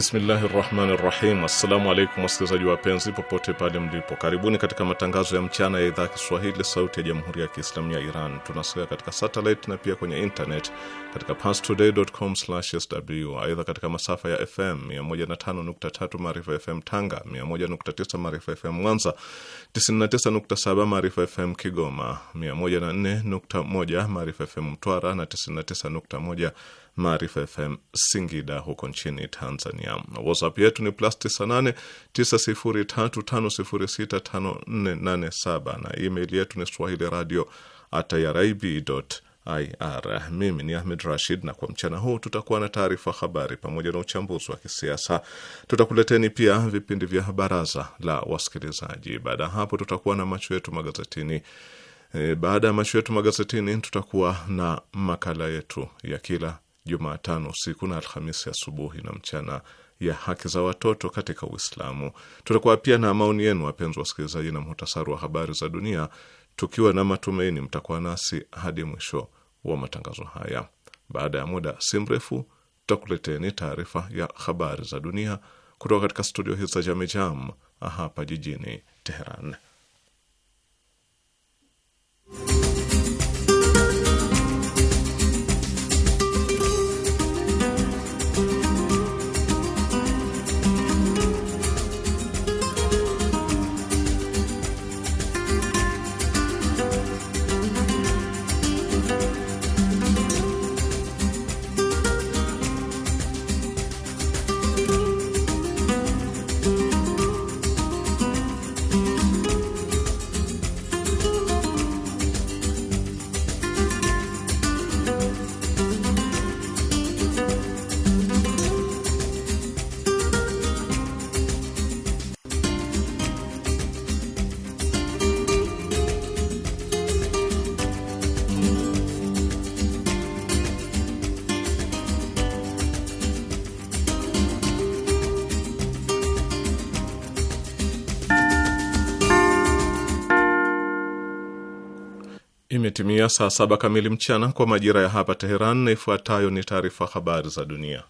Bismillahi rahmani rahim. Assalamu alaikum wasikilizaji wapenzi, popote pale mlipo, karibuni katika matangazo ya mchana ya idhaa Kiswahili sauti ya jamhuri ya Kiislamu ya Iran. Tunasikia katika satellite na pia kwenye internet katika pastodaycom sw Aidha, katika masafa ya FM 105.3 Maarifa FM Tanga, 101.9 Maarifa FM Mwanza, 99.7 Maarifa FM Kigoma, 104.1 Maarifa FM Mtwara na 99.1 Maarifa FM Singida huko nchini Tanzania. WhatsApp yetu ni plus 98 na email yetu ni swahili radio irib Mimi ni Ahmed Rashid, na kwa mchana huu tutakuwa na taarifa habari pamoja na uchambuzi wa kisiasa. Tutakuleteni pia vipindi vya baraza la wasikilizaji. Baada ya hapo, tutakuwa na macho yetu magazetini. E, baada ya macho yetu magazetini, tutakuwa na makala yetu ya kila Jumatano usiku na Alhamisi asubuhi na mchana ya haki za watoto katika Uislamu. Tutakuwa pia na maoni yenu, wapenzi wasikilizaji, na muhtasari wa habari za dunia, tukiwa na matumaini mtakuwa nasi hadi mwisho wa matangazo haya. Baada ya muda si mrefu, tutakuleteni taarifa ya habari za dunia kutoka katika studio hizi za Jamejam hapa jijini Teheran. Imetimia saa saba kamili mchana kwa majira ya hapa Teheran, na ifuatayo ni taarifa habari za dunia.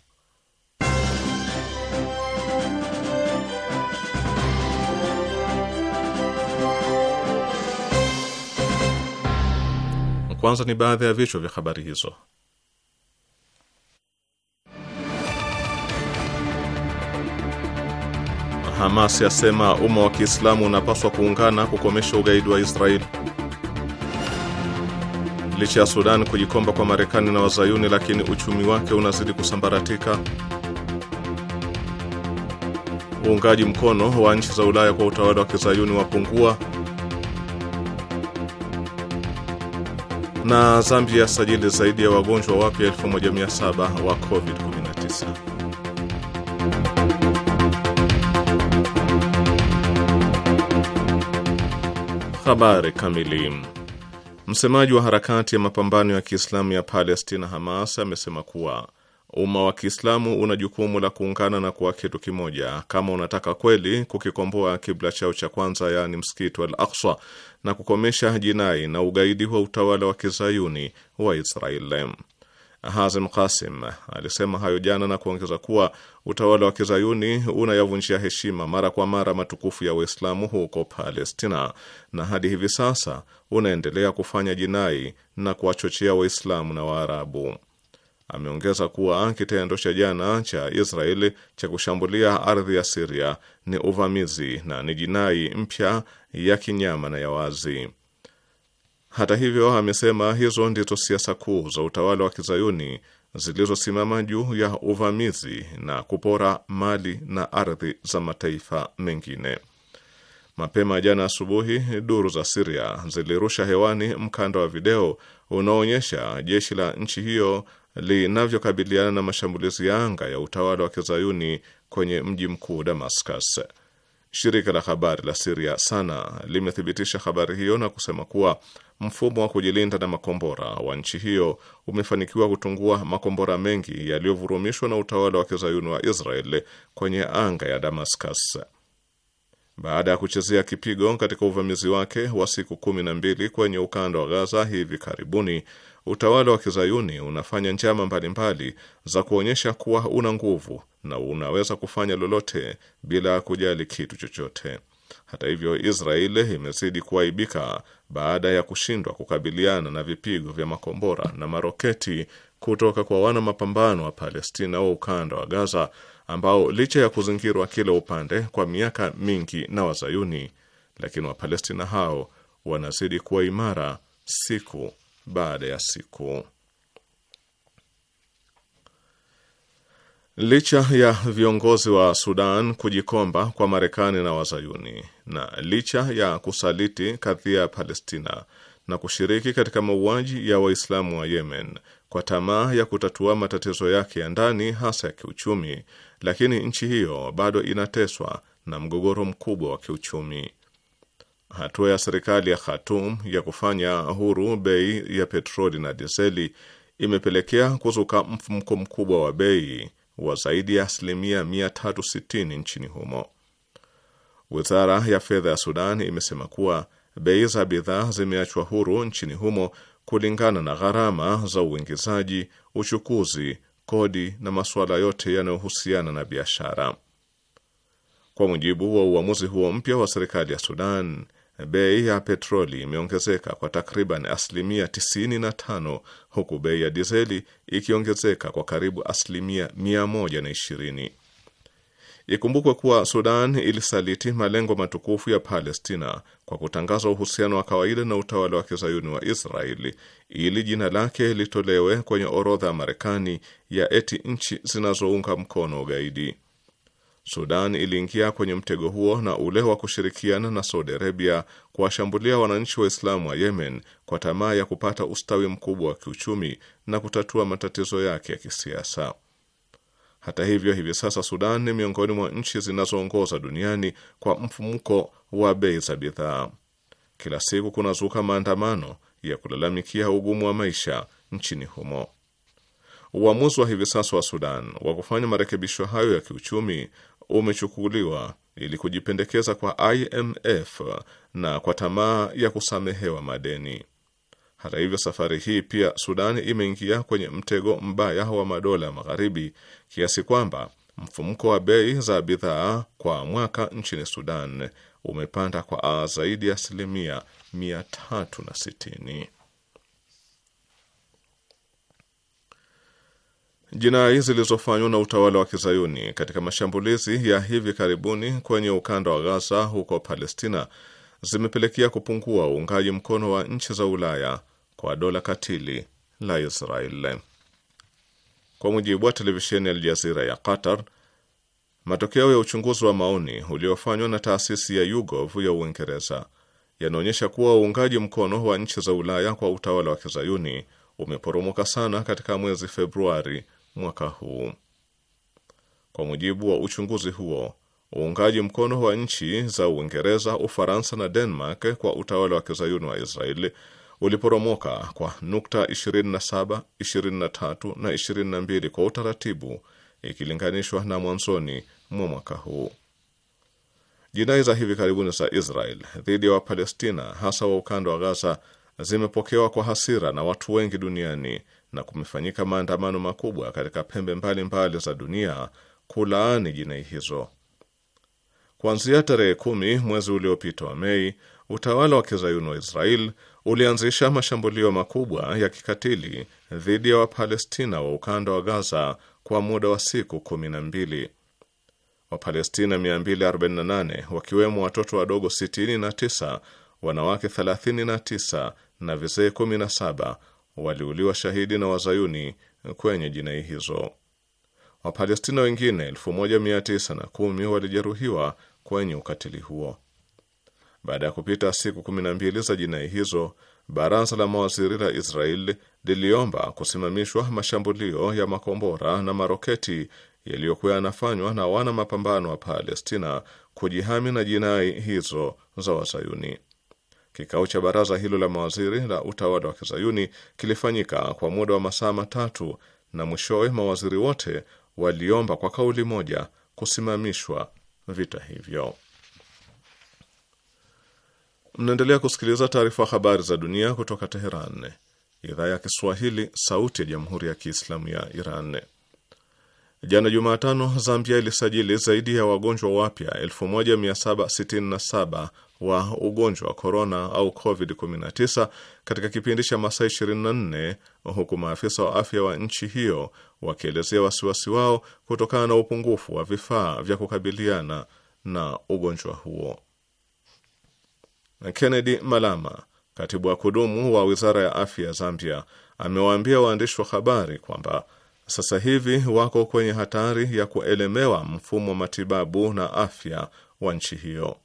Kwanza ni baadhi ya vichwa vya habari hizo. Hamas yasema umma wa Kiislamu unapaswa kuungana kukomesha ugaidi wa Israeli. Licha ya Sudan kujikomba kwa Marekani na Wazayuni, lakini uchumi wake unazidi kusambaratika. Uungaji mkono wa nchi za Ulaya kwa utawala wa kizayuni wapungua. Na Zambia sajili zaidi ya wagonjwa wapya 1700 wa COVID-19. Habari kamili. Msemaji wa harakati ya mapambano ya Kiislamu ya Palestina, Hamas, amesema kuwa umma wa Kiislamu una jukumu la kuungana na kuwa kitu kimoja kama unataka kweli kukikomboa kibla chao cha kwanza, yaani msikiti Al Aqsa, na kukomesha jinai na ugaidi wa utawala wa kizayuni wa Israeli. Hazem Kasim alisema hayo jana na kuongeza kuwa utawala wa kizayuni unayavunjia heshima mara kwa mara matukufu ya Uislamu huko Palestina, na hadi hivi sasa unaendelea kufanya jinai na kuwachochea Waislamu na Waarabu. Ameongeza kuwa kitendo cha jana cha Israeli cha kushambulia ardhi ya Siria ni uvamizi na ni jinai mpya ya kinyama na ya wazi. Hata hivyo, amesema hizo ndizo siasa kuu za utawala wa kizayuni zilizosimama juu ya uvamizi na kupora mali na ardhi za mataifa mengine. Mapema jana asubuhi, duru za Siria zilirusha hewani mkanda wa video unaoonyesha jeshi la nchi hiyo linavyokabiliana na mashambulizi ya anga ya utawala wa kizayuni kwenye mji mkuu Damascus. Shirika la habari la Siria Sana limethibitisha habari hiyo na kusema kuwa mfumo wa kujilinda na makombora wa nchi hiyo umefanikiwa kutungua makombora mengi yaliyovurumishwa na utawala wa kizayuni wa Israel kwenye anga ya Damascus. Baada ya kuchezea kipigo katika uvamizi wake wa siku kumi na mbili kwenye ukanda wa Gaza hivi karibuni, utawala wa kizayuni unafanya njama mbalimbali za kuonyesha kuwa una nguvu na unaweza kufanya lolote bila kujali kitu chochote. Hata hivyo, Israeli imezidi kuaibika baada ya kushindwa kukabiliana na vipigo vya makombora na maroketi kutoka kwa wana mapambano wa Palestina wa ukanda wa Gaza ambao licha ya kuzingirwa kila upande kwa miaka mingi na Wazayuni, lakini Wapalestina hao wanazidi kuwa imara siku baada ya siku. Licha ya viongozi wa Sudan kujikomba kwa Marekani na Wazayuni na licha ya kusaliti kadhia ya Palestina na kushiriki katika mauaji ya Waislamu wa Yemen kwa tamaa ya kutatua matatizo yake ya ndani hasa ya kiuchumi, lakini nchi hiyo bado inateswa na mgogoro mkubwa wa kiuchumi. Hatua ya serikali ya Khartoum ya kufanya huru bei ya petroli na diseli imepelekea kuzuka mfumko mkubwa wa bei wa zaidi ya asilimia 360 nchini humo. Wizara ya fedha ya Sudan imesema kuwa bei za bidhaa zimeachwa huru nchini humo kulingana na gharama za uingizaji, uchukuzi, kodi na masuala yote yanayohusiana na biashara. Kwa mujibu wa uamuzi huo mpya wa serikali ya Sudan, bei ya petroli imeongezeka kwa takriban asilimia 95 huku bei ya dizeli ikiongezeka kwa karibu asilimia 120. Ikumbukwe kuwa Sudan ilisaliti malengo matukufu ya Palestina kwa kutangaza uhusiano wa kawaida na utawala wa kizayuni wa Israeli ili jina lake litolewe kwenye orodha ya Marekani ya eti nchi zinazounga mkono ugaidi. Sudan iliingia kwenye mtego huo na ule wa kushirikiana na Saudi Arabia kuwashambulia wananchi Waislamu wa Yemen kwa tamaa ya kupata ustawi mkubwa wa kiuchumi na kutatua matatizo yake ya kisiasa. Hata hivyo, hivi sasa Sudan ni miongoni mwa nchi zinazoongoza duniani kwa mfumuko wa bei za bidhaa. Kila siku kunazuka maandamano ya kulalamikia ugumu wa maisha nchini humo. Uamuzi wa hivi sasa wa Sudan wa kufanya marekebisho hayo ya kiuchumi umechukuliwa ili kujipendekeza kwa IMF na kwa tamaa ya kusamehewa madeni. Hata hivyo, safari hii pia Sudani imeingia kwenye mtego mbaya wa madola ya magharibi kiasi kwamba mfumko wa bei za bidhaa kwa mwaka nchini Sudan umepanda kwa zaidi ya asilimia 360. Jinai zilizofanywa na utawala wa kizayuni katika mashambulizi ya hivi karibuni kwenye ukanda wa Gaza huko Palestina zimepelekea kupungua uungaji mkono wa nchi za Ulaya kwa dola katili la Israel. Kwa mujibu wa televisheni ya Aljazira ya Qatar, matokeo ya uchunguzi wa maoni uliofanywa na taasisi ya YouGov ya Uingereza yanaonyesha kuwa uungaji mkono wa nchi za Ulaya kwa utawala wa kizayuni umeporomoka sana katika mwezi Februari mwaka huu. Kwa mujibu wa uchunguzi huo, uungaji mkono wa nchi za Uingereza, Ufaransa na Denmark kwa utawala wa kizayuni wa Israeli uliporomoka kwa nukta 27, 23 na 22 kwa utaratibu ikilinganishwa na mwanzoni mwa mwaka huu. Jinai za hivi karibuni za Israel dhidi ya Wapalestina hasa wa ukanda wa Gaza zimepokewa kwa hasira na watu wengi duniani na kumefanyika maandamano makubwa katika pembe mbalimbali mbali za dunia kulaani jinai hizo. Kuanzia tarehe kumi mwezi uliopita wa Mei, utawala wa kizayuni wa Israel ulianzisha mashambulio makubwa ya kikatili dhidi ya Wapalestina wa ukanda wa Gaza kwa muda wa siku kumi na mbili. Wapalestina 248 wakiwemo watoto wadogo 69, wanawake 39 na vizee 17 waliuliwa shahidi na wazayuni kwenye jinai hizo. Wapalestina wengine 1910 walijeruhiwa kwenye ukatili huo. Baada ya kupita siku 12 za jinai hizo, baraza la mawaziri la Israel liliomba kusimamishwa mashambulio ya makombora na maroketi yaliyokuwa yanafanywa na wana mapambano wa Palestina kujihami na jinai hizo za Wazayuni. Kikao cha baraza hilo la mawaziri la utawala wa kizayuni kilifanyika kwa muda wa masaa matatu na mwishowe mawaziri wote waliomba kwa kauli moja kusimamishwa vita hivyo. Mnaendelea kusikiliza taarifa habari za dunia kutoka Teheran, idhaa ya Kiswahili, sauti ya jamhuri ya kiislamu ya Iran. Jana Jumatano, Zambia ilisajili zaidi ya wagonjwa wapya 1767 wa ugonjwa wa korona au COVID-19 katika kipindi cha masaa 24 huku maafisa wa afya wa nchi hiyo wakielezea wasiwasi wao kutokana na upungufu wa vifaa vya kukabiliana na ugonjwa huo. Kennedy Malama, katibu wa kudumu wa wizara ya afya ya Zambia, amewaambia waandishi wa habari kwamba sasa hivi wako kwenye hatari ya kuelemewa mfumo wa matibabu na afya wa nchi hiyo.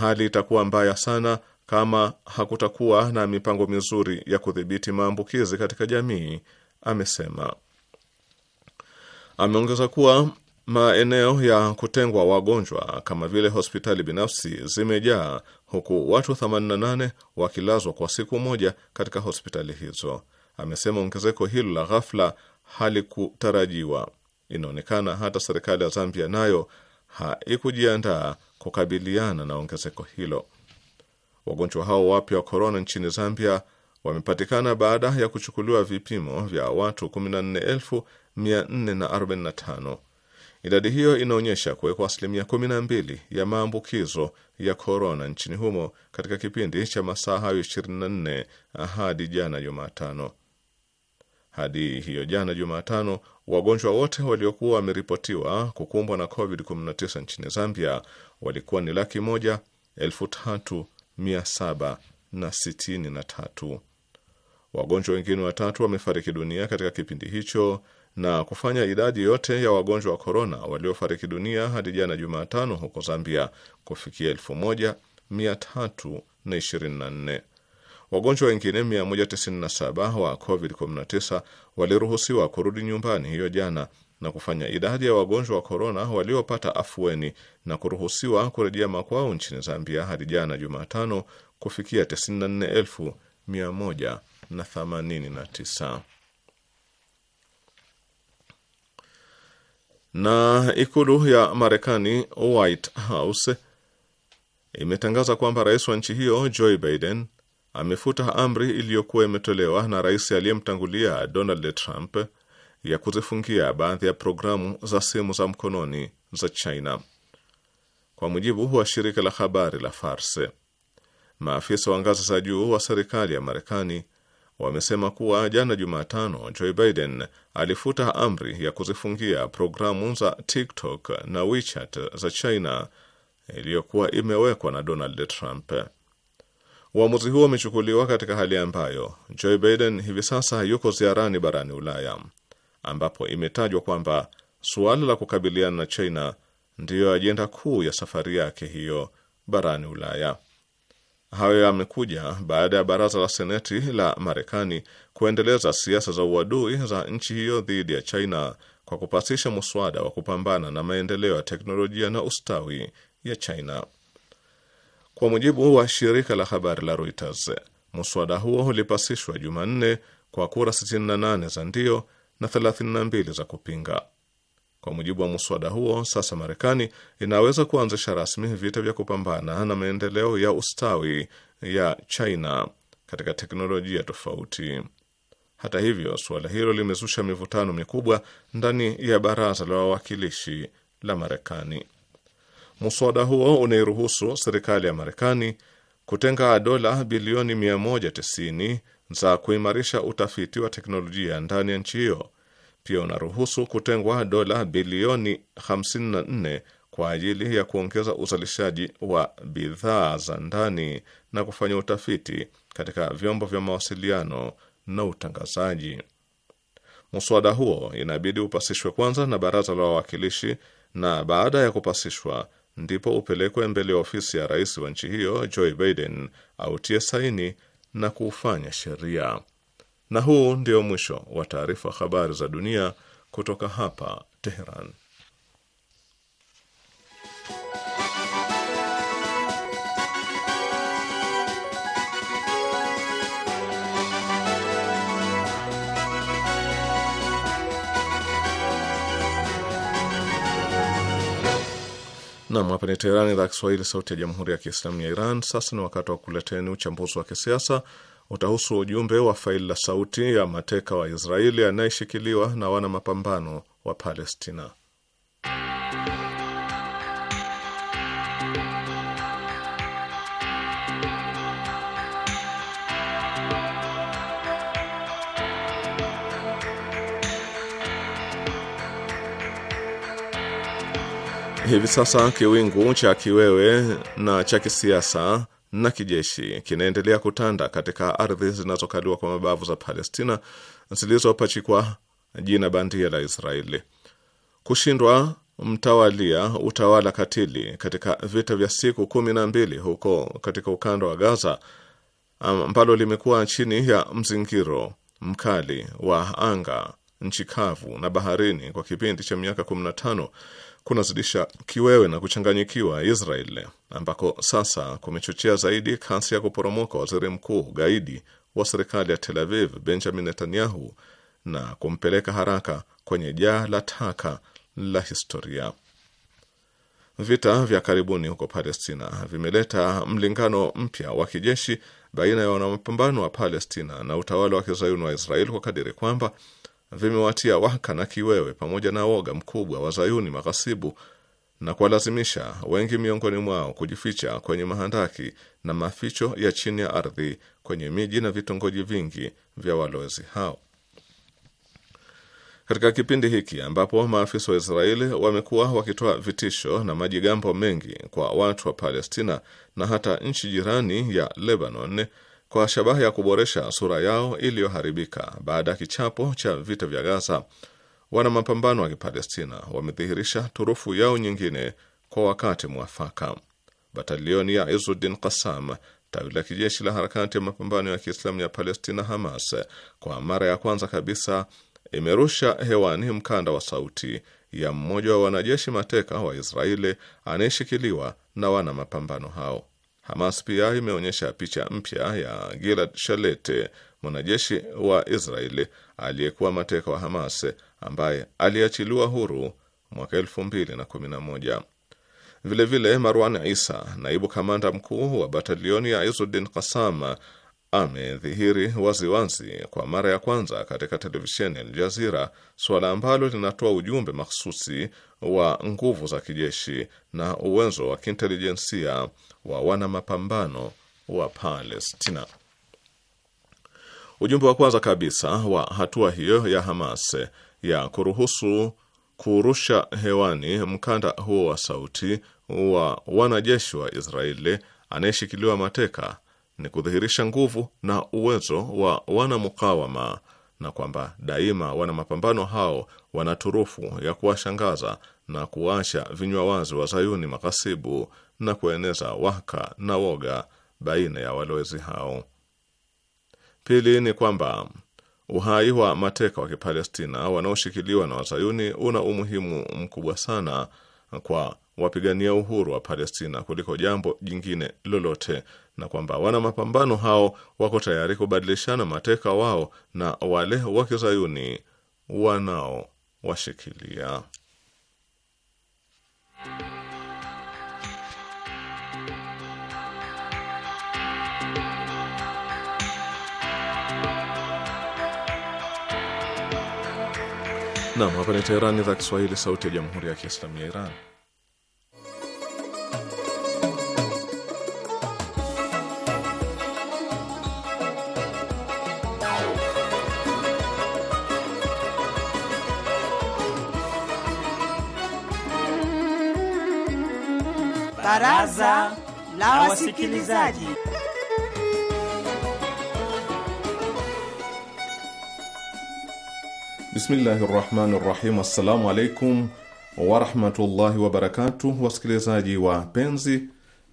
Hali itakuwa mbaya sana kama hakutakuwa na mipango mizuri ya kudhibiti maambukizi katika jamii, amesema. Ameongeza kuwa maeneo ya kutengwa wagonjwa kama vile hospitali binafsi zimejaa huku watu 88 wakilazwa kwa siku moja katika hospitali hizo. Amesema ongezeko hilo la ghafla halikutarajiwa. Inaonekana hata serikali ya Zambia nayo haikujiandaa kukabiliana na ongezeko hilo. Wagonjwa hao wapya wa korona nchini Zambia wamepatikana baada ya kuchukuliwa vipimo vya watu 14445. Idadi hiyo inaonyesha kuwekwa asilimia 12 ya maambukizo ya korona nchini humo katika kipindi cha masaa hayo 24 hadi jana Jumatano. Hadi hiyo jana Jumatano, wagonjwa wote waliokuwa wameripotiwa kukumbwa na COVID-19 nchini Zambia walikuwa ni laki moja elfu tatu mia saba na sitini na tatu. Wagonjwa wengine watatu wamefariki dunia katika kipindi hicho na kufanya idadi yote ya wagonjwa wa korona waliofariki dunia hadi jana Jumatano huko Zambia kufikia elfu moja mia tatu na ishirini na nne. Wagonjwa wengine 197 wa COVID-19 waliruhusiwa kurudi nyumbani hiyo jana na kufanya idadi ya wagonjwa wa korona waliopata afueni na kuruhusiwa kurejea makwao nchini Zambia hadi jana Jumatano kufikia 94189. Na ikulu ya Marekani, White House, imetangaza kwamba rais wa nchi hiyo Joe Biden amefuta amri iliyokuwa imetolewa na rais aliyemtangulia Donald Trump ya kuzifungia baadhi ya programu za simu za mkononi za China. Kwa mujibu wa shirika la habari la Fars, maafisa wa ngazi za juu wa serikali ya Marekani wamesema kuwa jana Jumatano, Joe Biden alifuta amri ya kuzifungia programu za TikTok na WeChat za China iliyokuwa imewekwa na Donald Trump. Uamuzi huo umechukuliwa katika hali ambayo Joe Biden hivi sasa yuko ziarani barani Ulaya, ambapo imetajwa kwamba suala la kukabiliana na China ndiyo ajenda kuu ya safari yake hiyo barani Ulaya. Hayo yamekuja baada ya baraza la seneti la Marekani kuendeleza siasa za uadui za nchi hiyo dhidi ya China kwa kupasisha muswada wa kupambana na maendeleo ya teknolojia na ustawi ya China. Kwa mujibu wa shirika la habari la Reuters, muswada huo ulipasishwa Jumanne kwa kura 68 za ndio na 32 za kupinga. Kwa mujibu wa muswada huo, sasa Marekani inaweza kuanzisha rasmi vita vya kupambana na maendeleo ya ustawi ya China katika teknolojia tofauti. Hata hivyo, suala hilo limezusha mivutano mikubwa ndani ya baraza la wawakilishi la Marekani. Muswada huo unairuhusu serikali ya Marekani kutenga dola bilioni 190 za kuimarisha utafiti wa teknolojia ndani ya nchi hiyo. Pia unaruhusu kutengwa dola bilioni 54 kwa ajili ya kuongeza uzalishaji wa bidhaa za ndani na kufanya utafiti katika vyombo vya mawasiliano na utangazaji. Muswada huo inabidi upasishwe kwanza na baraza la wawakilishi, na baada ya kupasishwa ndipo upelekwe mbele ya ofisi ya rais wa nchi hiyo Joe Biden autie saini na kuufanya sheria. Na huu ndio mwisho wa taarifa habari za dunia kutoka hapa Teheran. Nam, hapa ni Teherani, idhaa Kiswahili, sauti ya jamhuri ya kiislamu ya Iran. Sasa ni wakati wa kuleteni uchambuzi wa kisiasa utahusu ujumbe wa faili la sauti ya mateka wa Israeli anayeshikiliwa na wana mapambano wa Palestina. Hivi sasa kiwingu cha kiwewe na cha kisiasa na kijeshi kinaendelea kutanda katika ardhi zinazokaliwa kwa mabavu za Palestina zilizopachikwa jina bandia la Israeli. Kushindwa mtawalia utawala katili katika vita vya siku kumi na mbili huko katika ukanda wa Gaza ambalo limekuwa chini ya mzingiro mkali wa anga, nchi kavu na baharini kwa kipindi cha miaka kunazidisha kiwewe na kuchanganyikiwa Israel, ambako sasa kumechochea zaidi kasi ya kuporomoka waziri mkuu gaidi wa serikali ya Tel Aviv Benjamin Netanyahu na kumpeleka haraka kwenye jaa la taka la historia. Vita vya karibuni huko Palestina vimeleta mlingano mpya wa kijeshi baina ya wanamapambano wa Palestina na utawala wa kizayuni wa Israel kwa kadiri kwamba vimewatia waka na kiwewe pamoja na woga mkubwa wa zayuni maghasibu na kuwalazimisha wengi miongoni mwao kujificha kwenye mahandaki na maficho ya chini ya ardhi kwenye miji na vitongoji vingi vya walowezi hao. Katika kipindi hiki ambapo maafisa wa Israeli wamekuwa wakitoa vitisho na majigambo mengi kwa watu wa Palestina na hata nchi jirani ya Lebanon kwa shabaha ya kuboresha sura yao iliyoharibika baada ya kichapo cha vita vya Gaza, wana mapambano wa Kipalestina wamedhihirisha turufu yao nyingine kwa wakati mwafaka. Batalioni ya Izuddin Qassam, tawi la kijeshi la harakati ya mapambano ya Kiislamu ya Palestina, Hamas, kwa mara ya kwanza kabisa imerusha hewani mkanda wa sauti ya mmoja wa wanajeshi mateka wa Israeli anayeshikiliwa na wana mapambano hao. Hamas pia imeonyesha picha mpya ya Gilad Shalete, mwanajeshi wa Israeli aliyekuwa mateka wa Hamas ambaye aliachiliwa huru mwaka moja. Vilevile, Marwan Isa, naibu kamanda mkuu wa batalioni ya Izudin Kasama, amedhihiri waziwazi kwa mara ya kwanza katika televisheni ya Aljazira, suala ambalo linatoa ujumbe mahsusi wa nguvu za kijeshi na uwezo wa kiintelijensia wa wanamapambano wa Palestina. Ujumbe wa kwanza kabisa wa hatua hiyo ya Hamas ya kuruhusu kurusha hewani mkanda huo wa sauti wa wanajeshi wa Israeli anayeshikiliwa mateka ni kudhihirisha nguvu na uwezo wa wanamukawama na kwamba daima wana mapambano hao wana turufu ya kuwashangaza na kuwacha vinywa wazi wazayuni maghasibu na kueneza waka na woga baina ya walowezi hao. Pili ni kwamba uhai wa mateka wa Kipalestina wanaoshikiliwa na wazayuni una umuhimu mkubwa sana kwa wapigania uhuru wa Palestina kuliko jambo jingine lolote na kwamba wana mapambano hao wako tayari kubadilishana mateka wao na wale wa kizayuni wanaowashikilia. Nam, hapa ni Teherani, idhaa Kiswahili, sauti ya jamhuri ya kiislamu ya Iran. Baraza la Wasikilizaji. Bismillahi rahmani rahim. Assalamu alaikum warahmatullahi wabarakatu, wasikilizaji wapenzi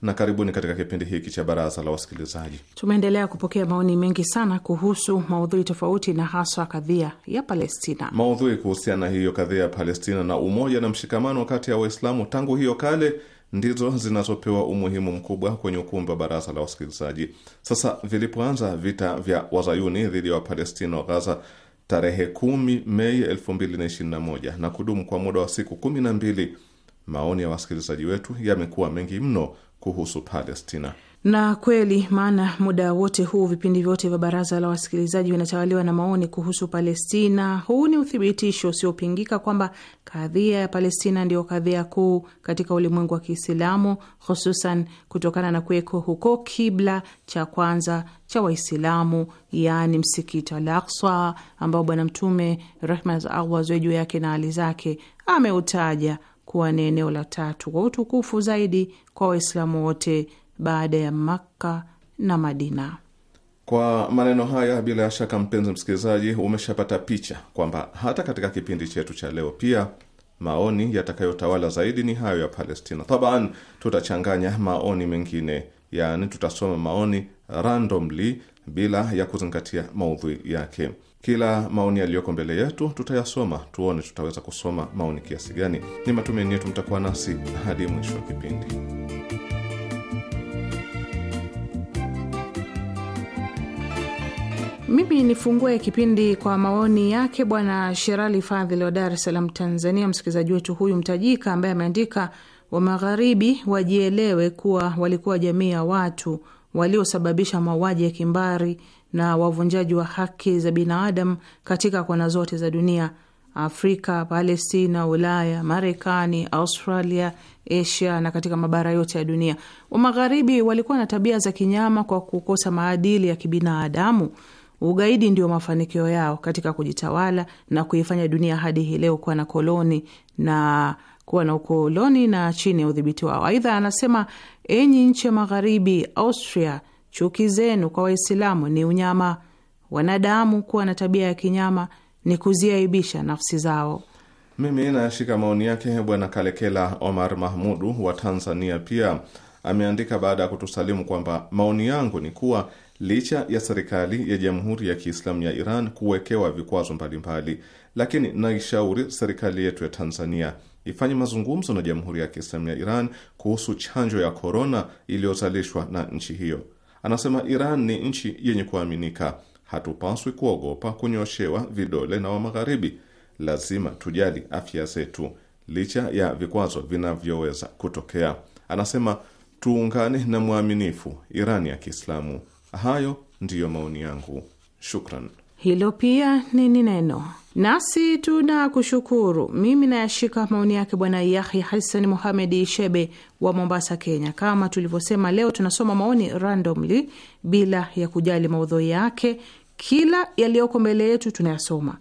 na karibuni katika kipindi hiki cha baraza la wasikilizaji. Tumeendelea kupokea maoni mengi sana kuhusu maudhui tofauti na haswa kadhia ya Palestina. Maudhui kuhusiana hiyo kadhia ya Palestina na umoja na mshikamano kati ya Waislamu tangu hiyo kale ndizo zinazopewa umuhimu mkubwa kwenye ukumbi wa baraza la wasikilizaji. Sasa vilipoanza vita vya wazayuni dhidi ya wapalestina wa Gaza tarehe 10 Mei 2021 na kudumu kwa muda wa siku 12, maoni ya wasikilizaji wetu yamekuwa mengi mno kuhusu Palestina. Na kweli maana muda wote huu vipindi vyote vya baraza la wasikilizaji vinatawaliwa na maoni kuhusu Palestina. Huu ni uthibitisho usiopingika kwamba kadhia ya Palestina ndiyo kadhia kuu katika ulimwengu wa Kiislamu, hususan kutokana na kuweko huko kibla cha kwanza cha Waislamu, yaani msikiti Al Aqsa ambao Bwana Mtume rehma za Allah ziwe juu yake na hali zake ameutaja kuwa ni eneo la tatu kwa utukufu zaidi kwa Waislamu wote baada ya Makka na Madina. Kwa maneno haya, bila shaka, mpenzi msikilizaji, umeshapata picha kwamba hata katika kipindi chetu cha leo pia maoni yatakayotawala zaidi ni hayo ya Palestina. Taban, tutachanganya maoni mengine, yaani tutasoma maoni randomly bila ya kuzingatia maudhui yake. Kila maoni yaliyoko mbele yetu tutayasoma, tuone tutaweza kusoma maoni kiasi gani. Ni matumaini yetu mtakuwa nasi hadi mwisho wa kipindi. Mimi nifungue kipindi kwa maoni yake Bwana Sherali Fadhili wa Dar es Salaam, Tanzania, msikilizaji wetu huyu mtajika, ambaye ameandika wa Magharibi wajielewe kuwa walikuwa jamii ya watu waliosababisha mauaji ya kimbari na wavunjaji wa haki za binadamu katika kona zote za dunia: Afrika, Palestina, Ulaya, Marekani, Australia, Asia na katika mabara yote ya dunia. Wa Magharibi walikuwa na tabia za kinyama kwa kukosa maadili ya kibinadamu. Ugaidi ndio mafanikio yao katika kujitawala na kuifanya dunia hadi hii leo kuwa na koloni na kuwa na ukoloni na chini ya udhibiti wao. Aidha anasema, enyi nchi ya magharibi, Austria, chuki zenu kwa Waislamu ni unyama. Wanadamu kuwa na tabia ya kinyama ni kuziaibisha nafsi zao. Mimi nayashika maoni yake Bwana Kalekela Omar Mahmudu wa Tanzania pia ameandika baada ya kutusalimu kwamba maoni yangu ni kuwa licha ya serikali ya Jamhuri ya Kiislamu ya Iran kuwekewa vikwazo mbalimbali, lakini naishauri serikali yetu ya Tanzania ifanye mazungumzo na Jamhuri ya Kiislamu ya Iran kuhusu chanjo ya korona iliyozalishwa na nchi hiyo. Anasema Iran ni nchi yenye kuaminika, hatupaswi kuogopa kunyoshewa vidole na wa Magharibi. Lazima tujali afya zetu licha ya vikwazo vinavyoweza kutokea. Anasema tuungane na mwaminifu iran ya Kiislamu. Hayo ndiyo maoni yangu, shukran. Hilo pia ni neno nasi tuna kushukuru. Mimi nayashika maoni yake Bwana Yahya Hassan Muhamedi Shebe wa Mombasa, Kenya. Kama tulivyosema, leo tunasoma maoni randomly bila ya kujali maudhui yake, kila yaliyoko mbele yetu tunayasoma.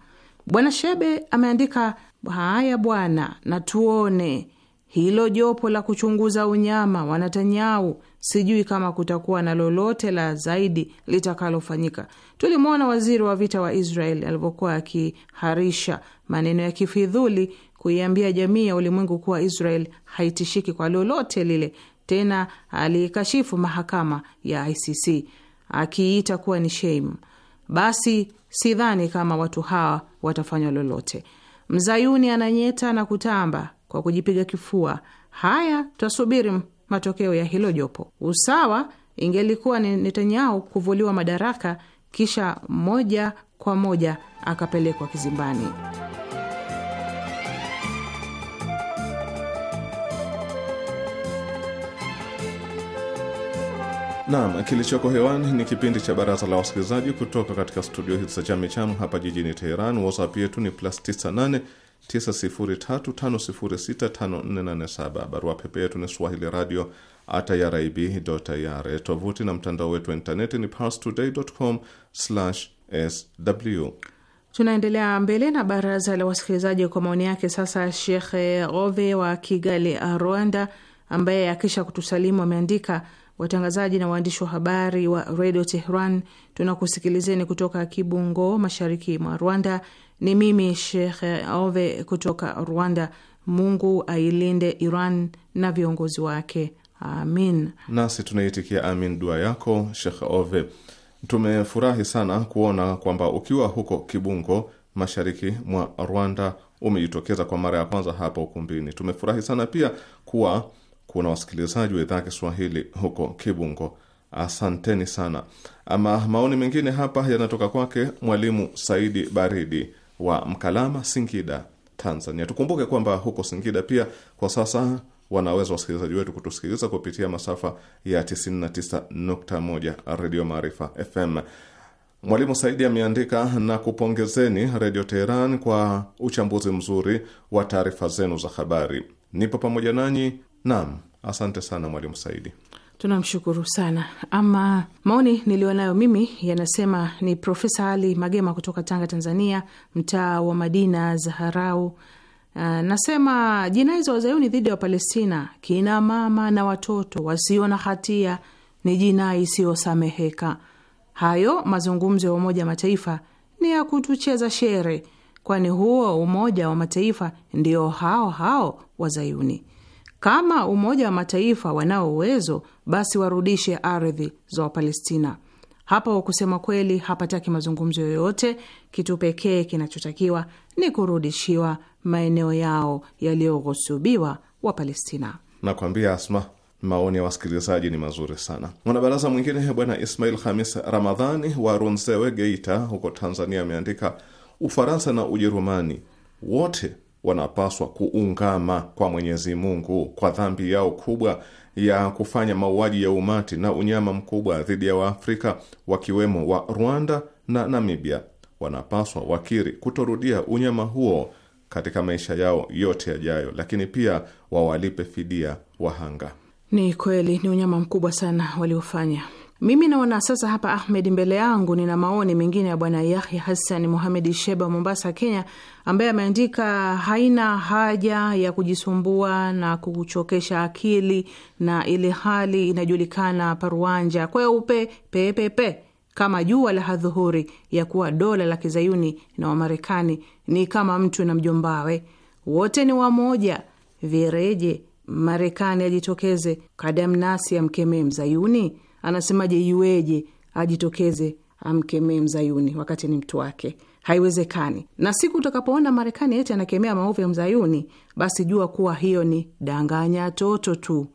Bwana Shebe ameandika haya bwana, na tuone hilo jopo la kuchunguza unyama wa Netanyahu, sijui kama kutakuwa na lolote la zaidi litakalofanyika. Tulimwona waziri wa vita wa Israel alivyokuwa akiharisha maneno ya kifidhuli kuiambia jamii ya ulimwengu kuwa Israel haitishiki kwa lolote lile. Tena aliikashifu mahakama ya ICC akiita kuwa ni shame. Basi sidhani kama watu hawa watafanywa lolote. Mzayuni ananyeta na kutamba kwa kujipiga kifua. Haya, twasubiri matokeo ya hilo jopo. Usawa ingelikuwa ni Netanyahu kuvuliwa madaraka, kisha moja kwa moja akapelekwa kizimbani. Naam, kilichoko hewani ni kipindi cha baraza la wasikilizaji kutoka katika studio hizi za Chamicham hapa jijini Teheran. WhatsApp yetu ni plus 98 903506547. Barua pepe yetu ni swahili radio at irib ir. E. Tovuti na mtandao wetu wa intaneti ni parstoday.com sw. Tunaendelea mbele na baraza la wasikilizaji kwa maoni yake. Sasa Shekhe Ove wa Kigali, Rwanda, ambaye akisha kutusalimu ameandika watangazaji na waandishi wa habari wa redio Tehran, tunakusikilizeni kutoka Kibungo, mashariki mwa Rwanda. Ni mimi Sheikh Ove kutoka Rwanda. Mungu ailinde Iran na viongozi wake, amin. Nasi tunaitikia amin dua yako Sheikh Ove. Tumefurahi sana kuona kwamba ukiwa huko Kibungo, mashariki mwa Rwanda, umejitokeza kwa mara ya kwanza hapa ukumbini. Tumefurahi sana pia kuwa kuna wasikilizaji wa idhaa Kiswahili huko Kibungo. Asanteni sana. Ama maoni mengine hapa yanatoka kwake Mwalimu Saidi Baridi wa Mkalama, Singida, Tanzania. Tukumbuke kwamba huko Singida pia kwa sasa wanaweza wasikilizaji wetu kutusikiliza kupitia masafa ya 99.1 Redio Maarifa FM. Mwalimu Saidi ameandika na kupongezeni Redio Teheran kwa uchambuzi mzuri wa taarifa zenu za habari. Nipo pamoja nanyi Naam, asante sana mwalimu Saidi. Tunamshukuru sana. Ama maoni niliyo nayo mimi yanasema ni Profesa Ali Magema kutoka Tanga, Tanzania, mtaa wa Madina Zaharau. Uh, nasema jinai za wazayuni dhidi ya Wapalestina, kina mama na watoto wasio na hatia ni jinai isiyosameheka. Hayo mazungumzo ya Umoja wa Mataifa ni ya kutucheza shere, kwani huo Umoja wa Mataifa ndio hao hao wazayuni. Kama Umoja wa Mataifa wanao uwezo, basi warudishe ardhi za Wapalestina. Hapo kusema kweli, hapataki mazungumzo yoyote. Kitu pekee kinachotakiwa ni kurudishiwa maeneo yao yaliyoghusubiwa Wapalestina. Nakwambia Asma, maoni ya wasikilizaji ni mazuri sana. Mwanabaraza mwingine Bwana Ismail Hamis Ramadhani wa Runzewe, Geita huko Tanzania, ameandika Ufaransa na Ujerumani wote wanapaswa kuungama kwa Mwenyezi Mungu kwa dhambi yao kubwa ya kufanya mauaji ya umati na unyama mkubwa dhidi ya Waafrika wakiwemo wa Rwanda na Namibia. Wanapaswa wakiri kutorudia unyama huo katika maisha yao yote yajayo, lakini pia wawalipe fidia wahanga. Ni kweli ni unyama mkubwa sana waliofanya. Mimi naona sasa hapa, Ahmed, mbele yangu nina maoni mengine ya bwana Yahya Hassan Muhamed Sheba, Mombasa, Kenya, ambaye ameandika haina haja ya kujisumbua na kuchokesha akili na ile hali inajulikana paruanja kweupe pepepe kama jua la hadhuhuri ya kuwa dola la kizayuni na Wamarekani ni kama mtu na mjombawe, wote ni wamoja. Vireje Marekani ajitokeze, kadamnasi ya mkemee mzayuni anasemaje, iweje ajitokeze amkemee mzayuni wakati ni mtu wake? Haiwezekani. Na siku utakapoona Marekani yeti anakemea maovu ya mzayuni, basi jua kuwa hiyo ni danganya toto tu.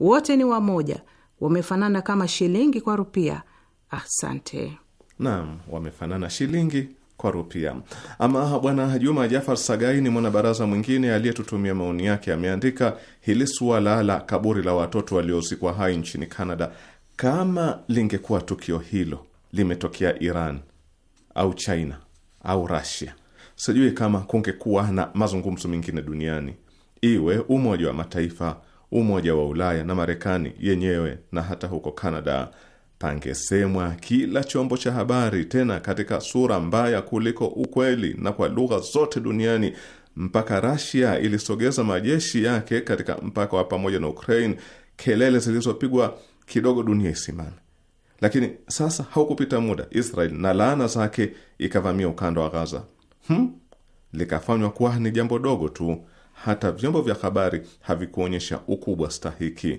Wote ni wamoja, wamefanana kama shilingi kwa rupia. Asante. Naam, wamefanana shilingi kwa rupia. Ama Bwana Juma Jafar Sagai ni mwanabaraza mwingine aliyetutumia maoni yake. Ameandika hili suala la kaburi la watoto waliozikwa hai nchini Canada kama lingekuwa tukio hilo limetokea Iran au China au Rasia, sijui kama kungekuwa na mazungumzo mengine duniani, iwe Umoja wa Mataifa, Umoja wa Ulaya na Marekani yenyewe na hata huko canada pangesemwa kila chombo cha habari, tena katika sura mbaya kuliko ukweli na kwa lugha zote duniani. Mpaka Rasia ilisogeza majeshi yake katika mpaka wa pamoja na Ukraine, kelele zilizopigwa kidogo dunia isimame. Lakini sasa haukupita muda, Israel na laana zake ikavamia ukanda wa Gaza. Hmm? Likafanywa kuwa ni jambo dogo tu, hata vyombo vya habari havikuonyesha ukubwa stahiki,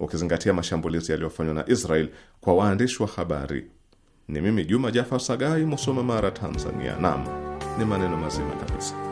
ukizingatia mashambulizi yaliyofanywa na Israel kwa waandishi wa habari. Ni mimi Juma Jafar Sagai, Musoma, Mara, Tanzania. Naam, ni maneno mazima kabisa.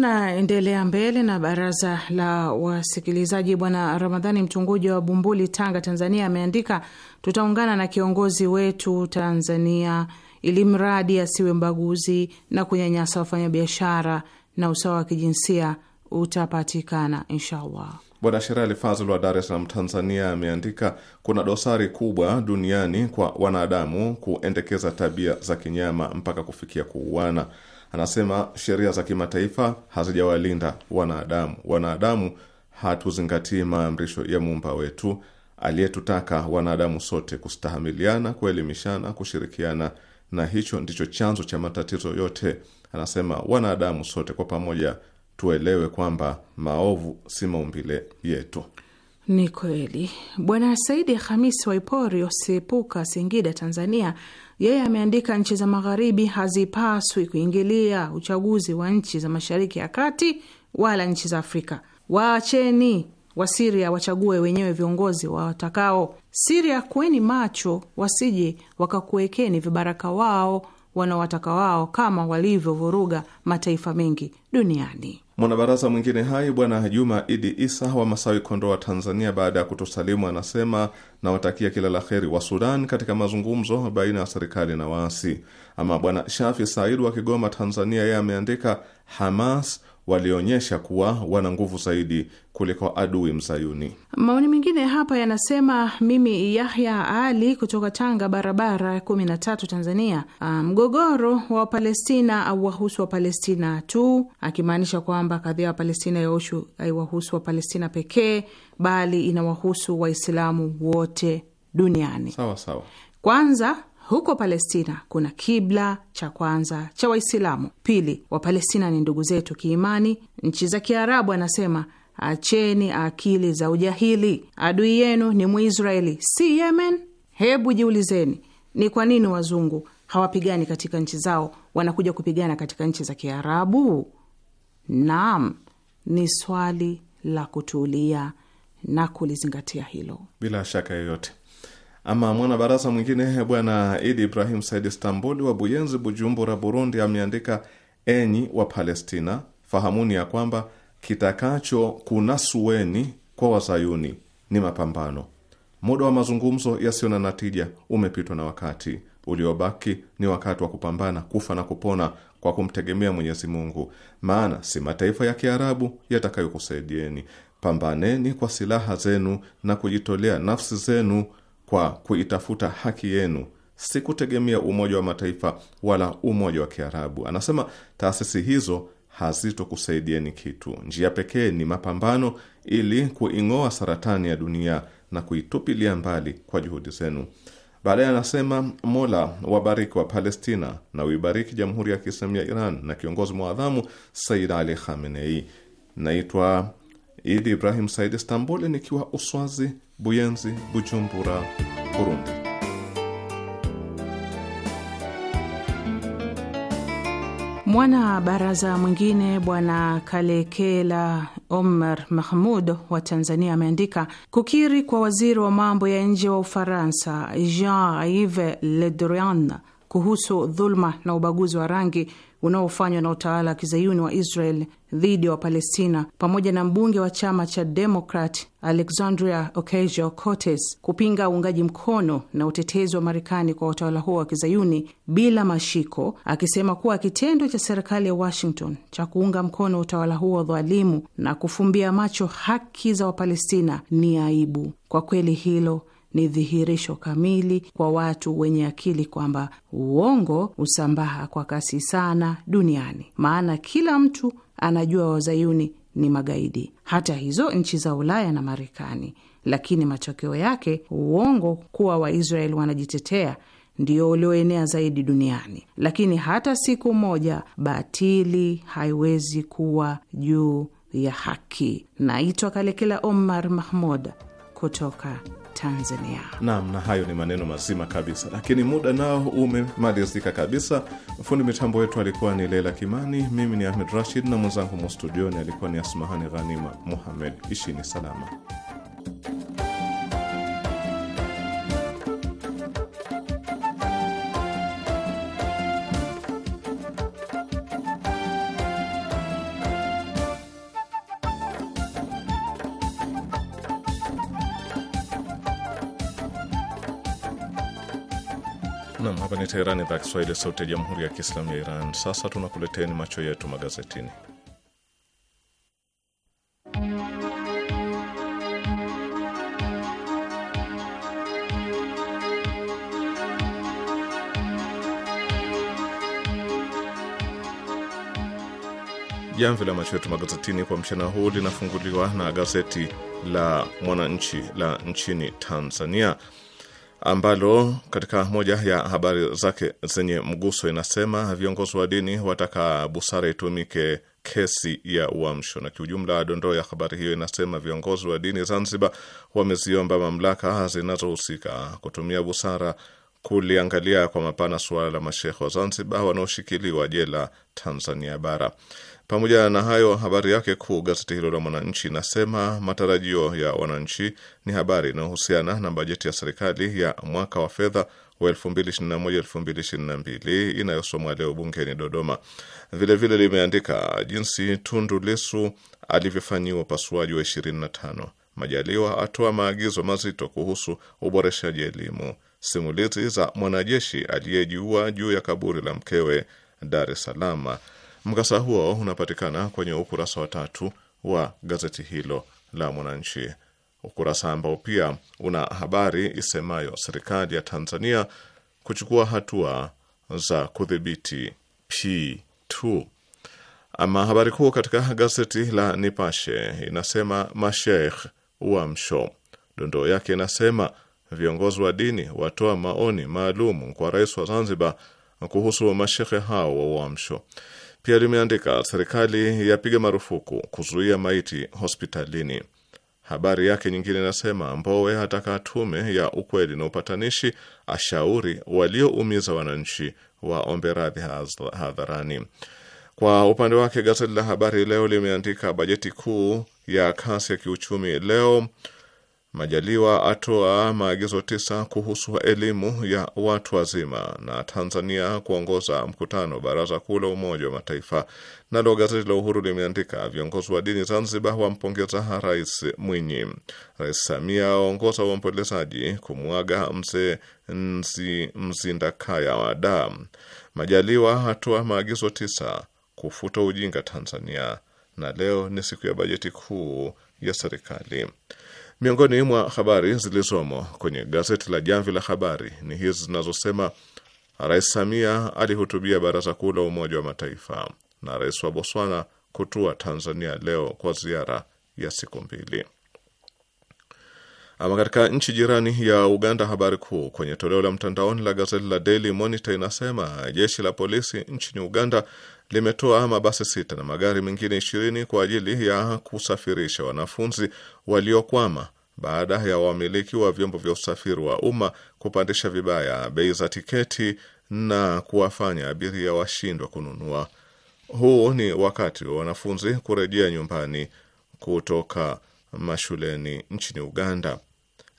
Tunaendelea mbele na baraza la wasikilizaji. Bwana Ramadhani Mchunguji wa Bumbuli, Tanga, Tanzania, ameandika tutaungana na kiongozi wetu Tanzania ili mradi asiwe mbaguzi na kunyanyasa wafanyabiashara na usawa wa kijinsia utapatikana inshallah. Bwana Sherali Fazl wa Dar es Salaam, Tanzania, ameandika kuna dosari kubwa duniani kwa wanadamu kuendekeza tabia za kinyama mpaka kufikia kuuana. Anasema sheria za kimataifa hazijawalinda wanadamu. Wanadamu hatuzingatii maamrisho ya muumba wetu aliyetutaka wanadamu sote kustahamiliana, kuelimishana, kushirikiana, na hicho ndicho chanzo cha matatizo yote. Anasema wanadamu sote kwa pamoja tuelewe kwamba maovu si maumbile yetu. Ni kweli. Bwana Saidi Hamisi Waipori Osepuka, Singida, Tanzania yeye ameandika, nchi za magharibi hazipaswi kuingilia uchaguzi wa nchi za mashariki ya kati wala nchi za Afrika. Waacheni Wasiria wachague wenyewe viongozi watakao Siria, kweni macho, wasije wakakuwekeni vibaraka wao wanaowataka wao kama walivyovuruga mataifa mengi duniani. Mwanabaraza mwingine hai Bwana Juma Idi Isa wa Masawi, Kondoa, Tanzania, baada ya kutosalimu anasema nawatakia kila la heri wa Sudan katika mazungumzo baina ya serikali na waasi. Ama Bwana Shafi Said wa Kigoma, Tanzania, yeye ameandika Hamas walionyesha kuwa wana nguvu zaidi kuliko adui mzayuni. Maoni mengine hapa yanasema, mimi Yahya Ali kutoka Tanga, barabara kumi na tatu, Tanzania. Ah, mgogoro wa Wapalestina auwahusu Wapalestina tu, akimaanisha kwamba kadhia ya Wapalestina wa Wapalestina pekee, bali inawahusu Waislamu wote duniani. Sawa sawa. Kwanza huko Palestina kuna kibla cha kwanza cha Waislamu. Pili, Wapalestina ni ndugu zetu kiimani. Nchi za Kiarabu anasema acheni akili za ujahili, adui yenu ni Mwisraeli si Yemen. Hebu jiulizeni, ni kwa nini wazungu hawapigani katika nchi zao, wanakuja kupigana katika nchi za Kiarabu? Naam, ni swali la kutulia na kulizingatia hilo bila shaka yoyote. Ama mwanabaraza mwingine Bwana Idi Ibrahim Said Istambuli wa Buyenzi, Bujumbura, Burundi, ameandika: enyi wa Palestina, fahamuni ya kwamba kitakacho kunasueni kwa wazayuni ni mapambano. Muda wa mazungumzo yasiyo na natija umepitwa na wakati uliobaki ni wakati wa kupambana kufa na kupona kwa kumtegemea Mwenyezi Mungu, maana si mataifa ya Kiarabu yatakayokusaidieni. Pambaneni kwa silaha zenu na kujitolea nafsi zenu kwa kuitafuta haki yenu, si kutegemea Umoja wa Mataifa wala Umoja wa Kiarabu. Anasema taasisi hizo hazitokusaidieni kitu. Njia pekee ni mapambano ili kuing'oa saratani ya dunia na kuitupilia mbali kwa juhudi zenu. Baadaye anasema Mola wabariki wa Palestina na uibariki Jamhuri ya Kiislamu ya Iran na kiongozi mwadhamu Said Ali Khamenei. Naitwa Idi Ibrahim Said Istanbuli nikiwa Uswazi Buyenzi, Bujumbura, Burundi. Mwana baraza mwingine Bwana Kalekela Omar Mahmud wa Tanzania ameandika kukiri kwa waziri wa mambo ya nje wa Ufaransa Jean Yves Le Drian kuhusu dhuluma na ubaguzi wa rangi unaofanywa na utawala wa kizayuni wa Israel dhidi ya Wapalestina, pamoja na mbunge wa chama cha Demokrat Alexandria Ocasio Cortes kupinga uungaji mkono na utetezi wa Marekani kwa utawala huo wa kizayuni bila mashiko, akisema kuwa kitendo cha serikali ya Washington cha kuunga mkono utawala huo wa dhalimu na kufumbia macho haki za Wapalestina ni aibu. Kwa kweli hilo ni dhihirisho kamili kwa watu wenye akili kwamba uongo husambaa kwa kasi sana duniani, maana kila mtu anajua wazayuni ni magaidi, hata hizo nchi za Ulaya na Marekani. Lakini matokeo yake uongo kuwa Waisraeli wanajitetea ndio ulioenea zaidi duniani. Lakini hata siku moja batili haiwezi kuwa juu ya haki. Naitwa Kalekela Omar Mahmud kutoka Tanzania. Naam, na hayo ni maneno mazima kabisa, lakini muda nao umemalizika kabisa. Fundi mitambo wetu alikuwa ni Leila Kimani, mimi ni Ahmed Rashid na mwenzangu mustudioni alikuwa ni Asmahani Ghanima Muhammed. Ishini salama. Teherani, idhaa Kiswahili, sauti ya jamhuri ya kiislamu ya Iran. Sasa tunakuleteni macho yetu magazetini. Jamvi la macho yetu magazetini kwa mchana huu linafunguliwa na gazeti la Mwananchi la nchini Tanzania ambalo katika moja ya habari zake zenye mguso inasema viongozi wa dini wataka busara itumike kesi ya Uamsho. Na kiujumla, dondoo ya habari hiyo inasema viongozi wa dini Zanzibar wameziomba mamlaka zinazohusika kutumia busara kuliangalia kwa mapana suala la mashehe wa Zanzibar wanaoshikiliwa jela Tanzania Bara. Pamoja na hayo, habari yake kuu gazeti hilo la Mwananchi inasema matarajio ya wananchi ni habari inayohusiana na bajeti ya serikali ya mwaka wa fedha wa 2021/2022 inayosomwa leo bungeni Dodoma. Vilevile limeandika jinsi Tundu Lisu alivyofanyiwa upasuaji wa 25, Majaliwa atoa maagizo mazito kuhusu uboreshaji elimu, simulizi za mwanajeshi aliyejiua juu ya kaburi la mkewe Dar es Salaam Mkasa huo unapatikana kwenye ukurasa wa tatu wa gazeti hilo la Mwananchi, ukurasa ambao pia una habari isemayo serikali ya Tanzania kuchukua hatua za kudhibiti P2. Ama habari kuu katika gazeti la Nipashe inasema masheikh uamsho. Dondoo yake inasema viongozi wa dini watoa maoni maalum kwa rais wa Zanzibar kuhusu mashehe hao wa uamsho. Pia limeandika serikali yapiga marufuku kuzuia maiti hospitalini. Habari yake nyingine inasema Mbowe ataka tume ya ukweli na upatanishi, ashauri walioumiza wananchi waombe radhi hadharani. Kwa upande wake gazeti la Habari Leo limeandika bajeti kuu ya kasi ya kiuchumi leo Majaliwa atoa maagizo tisa kuhusu elimu ya watu wazima na Tanzania kuongoza mkutano baraza kuu la Umoja wa Mataifa. Nalo gazeti la Uhuru limeandika viongozi wa dini Zanzibar wampongeza Rais Mwinyi. Rais Samia aongoza uombolezaji kumwaga mzee Nzi Mzindakaya wa da Majaliwa atoa maagizo tisa kufuta ujinga Tanzania, na leo ni siku ya bajeti kuu ya serikali. Miongoni mwa habari zilizomo kwenye gazeti la Jamvi la Habari ni hizi zinazosema Rais Samia alihutubia Baraza Kuu la Umoja wa Mataifa na rais wa Botswana kutua Tanzania leo kwa ziara ya siku mbili. Ama katika nchi jirani ya Uganda, habari kuu kwenye toleo la mtandaoni la gazeti la Daily Monitor inasema jeshi la polisi nchini Uganda limetoa mabasi sita na magari mengine ishirini kwa ajili ya kusafirisha wanafunzi waliokwama baada ya wamiliki wa vyombo vya usafiri wa umma kupandisha vibaya bei za tiketi na kuwafanya abiria washindwe kununua. Huu ni wakati wa wanafunzi kurejea nyumbani kutoka mashuleni nchini Uganda.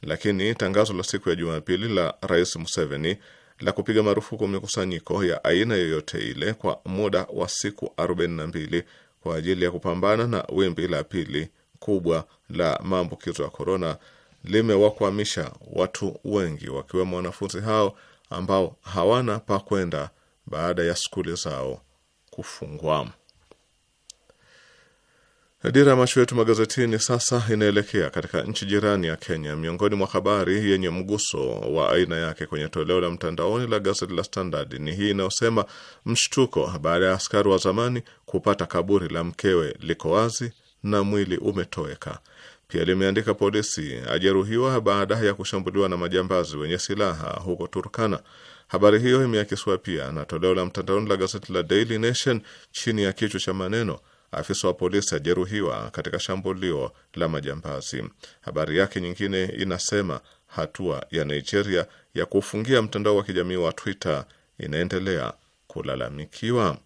Lakini tangazo la siku ya Jumapili la Rais Museveni la kupiga marufuku mikusanyiko ya aina yoyote ile kwa muda wa siku 42 kwa ajili ya kupambana na wimbi la pili kubwa la maambukizo ya korona limewakwamisha watu wengi wakiwemo wanafunzi hao ambao hawana pa kwenda baada ya skuli zao kufungwa. Dira ya macho yetu magazetini sasa inaelekea katika nchi jirani ya Kenya. Miongoni mwa habari yenye mguso wa aina yake kwenye toleo la mtandaoni la gazeti la Standard ni hii inayosema mshtuko baada ya askari wa zamani kupata kaburi la mkewe liko wazi na mwili umetoweka. Pia limeandika polisi ajeruhiwa baada ya kushambuliwa na majambazi wenye silaha huko Turkana. Habari hiyo imeakisiwa pia na toleo la mtandaoni la gazeti la Daily Nation chini ya kichwa cha maneno afisa wa polisi ajeruhiwa katika shambulio la majambazi. Habari yake nyingine inasema hatua ya Nigeria ya kufungia mtandao wa kijamii wa Twitter inaendelea kulalamikiwa.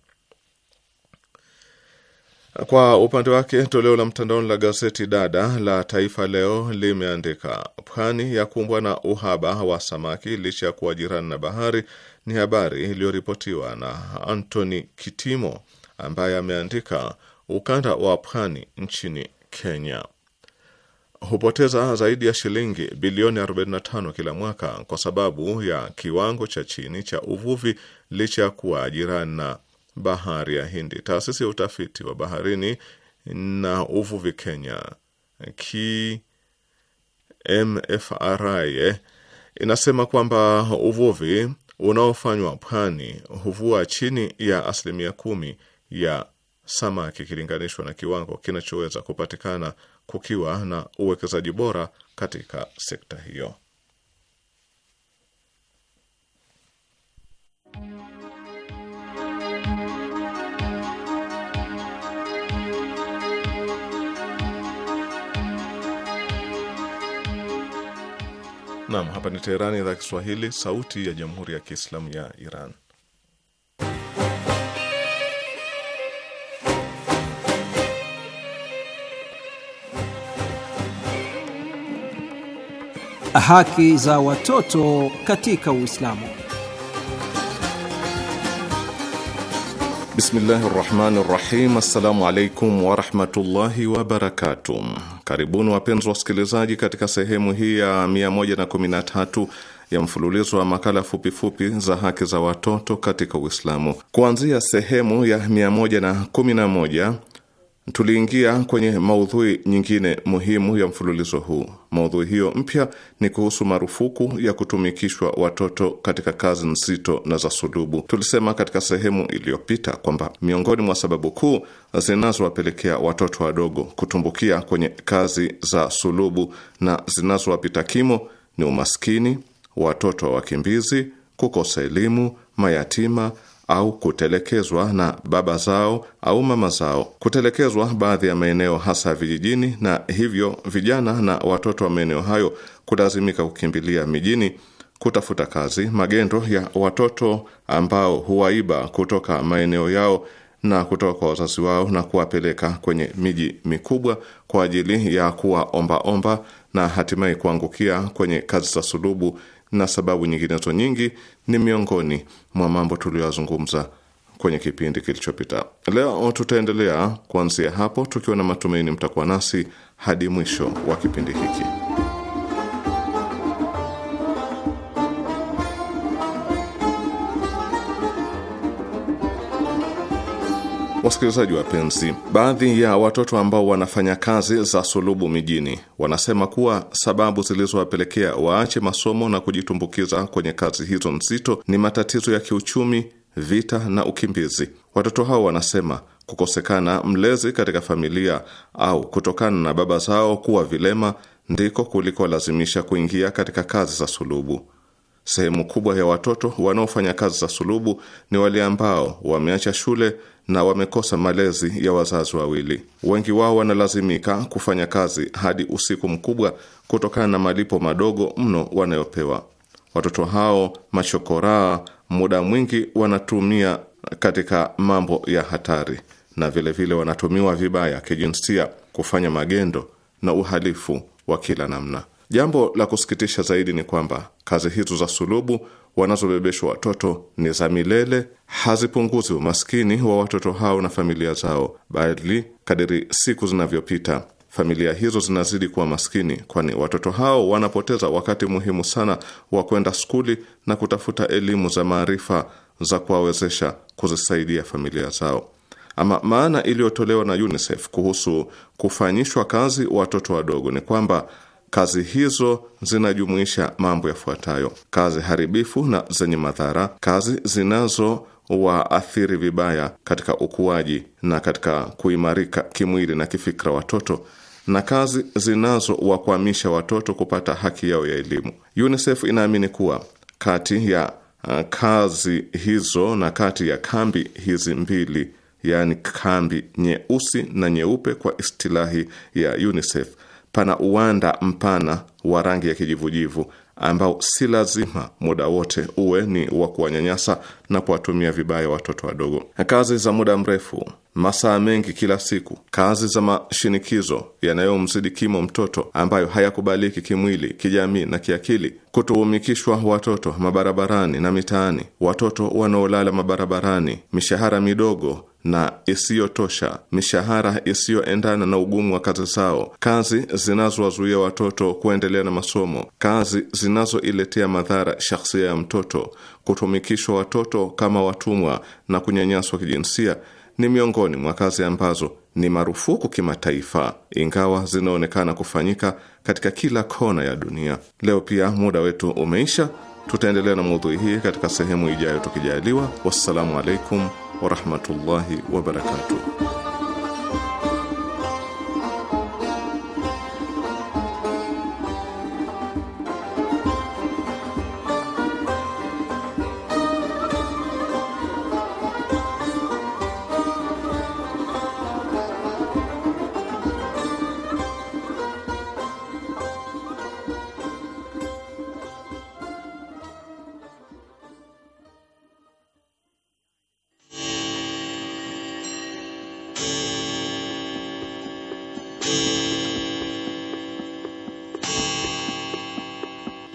Kwa upande wake toleo la mtandaoni la gazeti dada la Taifa Leo limeandika pwani ya kumbwa na uhaba wa samaki licha ya kuwa jirani na bahari. Ni habari iliyoripotiwa na Anthony Kitimo ambaye ameandika ukanda wa pwani nchini Kenya hupoteza zaidi ya shilingi bilioni 45 kila mwaka kwa sababu ya kiwango cha chini cha uvuvi licha ya kuwa jirani na bahari ya Hindi. Taasisi ya utafiti wa baharini na uvuvi Kenya KMFRI eh, inasema kwamba uvuvi unaofanywa pwani huvua chini ya asilimia kumi ya samaki ikilinganishwa na kiwango kinachoweza kupatikana kukiwa na uwekezaji bora katika sekta hiyo. nam hapa ni Teherani, idhaa Kiswahili, sauti ya Jamhuri ya Kiislamu ya Iran. Haki za watoto katika Uislamu. Bismillahi rahmani rahim. Assalamu alaikum warahmatullahi wabarakatuh. Karibuni wapenzi wasikilizaji, katika sehemu hii ya 113 ya mfululizo wa makala fupifupi fupi za haki za watoto katika Uislamu. Kuanzia sehemu ya 111 tuliingia kwenye maudhui nyingine muhimu ya mfululizo huu. Maudhui hiyo mpya ni kuhusu marufuku ya kutumikishwa watoto katika kazi nzito na za sulubu. Tulisema katika sehemu iliyopita kwamba miongoni mwa sababu kuu zinazowapelekea watoto wadogo kutumbukia kwenye kazi za sulubu na zinazowapita kimo ni umaskini, watoto wa wakimbizi, kukosa elimu, mayatima au kutelekezwa na baba zao au mama zao. Kutelekezwa baadhi ya maeneo hasa vijijini, na hivyo vijana na watoto wa maeneo hayo kulazimika kukimbilia mijini kutafuta kazi, magendo ya watoto ambao huwaiba kutoka maeneo yao na kutoka kwa wazazi wao na kuwapeleka kwenye miji mikubwa kwa ajili ya kuwa ombaomba omba na hatimaye kuangukia kwenye kazi za sulubu na sababu nyinginezo nyingi ni miongoni mwa mambo tuliyoyazungumza kwenye kipindi kilichopita. Leo tutaendelea kuanzia hapo, tukiwa na matumaini mtakuwa nasi hadi mwisho wa kipindi hiki. Wasikilizaji wapenzi, baadhi ya watoto ambao wanafanya kazi za sulubu mijini wanasema kuwa sababu zilizowapelekea waache masomo na kujitumbukiza kwenye kazi hizo nzito ni matatizo ya kiuchumi, vita na ukimbizi. Watoto hao wanasema kukosekana mlezi katika familia au kutokana na baba zao kuwa vilema ndiko kulikolazimisha kuingia katika kazi za sulubu. Sehemu kubwa ya watoto wanaofanya kazi za sulubu ni wale ambao wameacha shule na wamekosa malezi ya wazazi wawili. Wengi wao wanalazimika kufanya kazi hadi usiku mkubwa kutokana na malipo madogo mno wanayopewa. Watoto hao machokoraa muda mwingi wanatumia katika mambo ya hatari na vilevile vile wanatumiwa vibaya kijinsia, kufanya magendo na uhalifu wa kila namna. Jambo la kusikitisha zaidi ni kwamba kazi hizo za sulubu wanazobebeshwa watoto ni za milele, hazipunguzi umaskini wa watoto hao na familia zao, bali kadiri siku zinavyopita familia hizo zinazidi kuwa maskini, kwani watoto hao wanapoteza wakati muhimu sana wa kwenda skuli na kutafuta elimu za maarifa za kuwawezesha kuzisaidia familia zao. Ama maana iliyotolewa na UNICEF kuhusu kufanyishwa kazi watoto wadogo ni kwamba Kazi hizo zinajumuisha mambo yafuatayo: kazi haribifu na zenye madhara, kazi zinazowaathiri vibaya katika ukuaji na katika kuimarika kimwili na kifikra watoto na kazi zinazowakwamisha watoto kupata haki yao ya elimu. UNICEF inaamini kuwa kati ya uh, kazi hizo na kati ya kambi hizi mbili, yaani kambi nyeusi na nyeupe kwa istilahi ya UNICEF pana uwanda mpana wa rangi ya kijivujivu ambao si lazima muda wote uwe ni wa kuwanyanyasa na kuwatumia vibaya watoto wadogo. Kazi za muda mrefu, masaa mengi kila siku, kazi za mashinikizo yanayomzidi kimo mtoto, ambayo hayakubaliki kimwili, kijamii na kiakili, kutumikishwa watoto mabarabarani na mitaani, watoto wanaolala mabarabarani, mishahara midogo na isiyotosha, mishahara isiyoendana na ugumu wa kazi zao, kazi zinazowazuia watoto kuendelea na masomo, kazi zinazoiletea madhara shakhsia ya mtoto, kutumikishwa watoto kama watumwa na kunyanyaswa kijinsia ni miongoni mwa kazi ambazo ni marufuku kimataifa, ingawa zinaonekana kufanyika katika kila kona ya dunia. Leo pia muda wetu umeisha. Tutaendelea na maudhui hii katika sehemu ijayo tukijaliwa. Wassalamu alaikum ورحمة الله وبركاته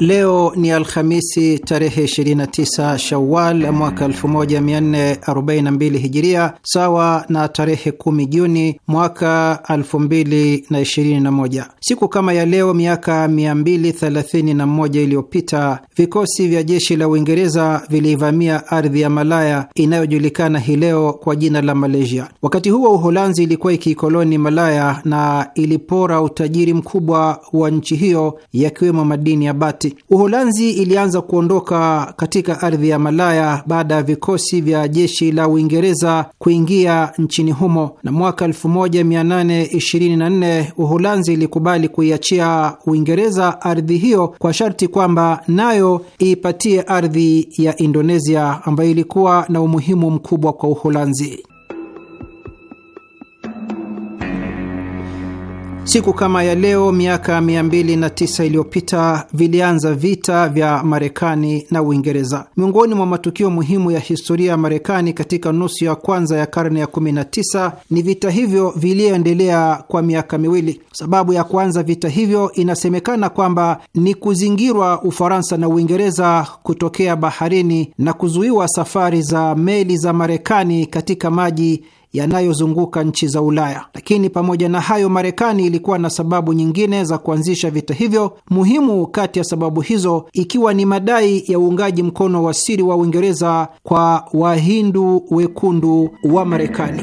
Leo ni Alhamisi tarehe 29 Shawal mwaka 1442 Hijiria, sawa na tarehe 10 Juni mwaka 2021. Siku kama ya leo miaka 231 iliyopita vikosi vya jeshi la Uingereza vilivamia ardhi ya Malaya inayojulikana hii leo kwa jina la Malaysia. Wakati huo Uholanzi ilikuwa ikiikoloni Malaya na ilipora utajiri mkubwa wa nchi hiyo, yakiwemo madini ya bati wakati Uholanzi ilianza kuondoka katika ardhi ya Malaya baada ya vikosi vya jeshi la Uingereza kuingia nchini humo, na mwaka 1824 Uholanzi ilikubali kuiachia Uingereza ardhi hiyo kwa sharti kwamba nayo iipatie ardhi ya Indonesia ambayo ilikuwa na umuhimu mkubwa kwa Uholanzi. Siku kama ya leo miaka 209 iliyopita vilianza vita vya Marekani na Uingereza. Miongoni mwa matukio muhimu ya historia ya Marekani katika nusu ya kwanza ya karne ya 19 ni vita hivyo viliyoendelea kwa miaka miwili. Sababu ya kuanza vita hivyo inasemekana kwamba ni kuzingirwa Ufaransa na Uingereza kutokea baharini na kuzuiwa safari za meli za Marekani katika maji yanayozunguka nchi za Ulaya. Lakini pamoja na hayo, Marekani ilikuwa na sababu nyingine za kuanzisha vita hivyo, muhimu kati ya sababu hizo ikiwa ni madai ya uungaji mkono wa siri wa Uingereza kwa Wahindu wekundu wa Marekani.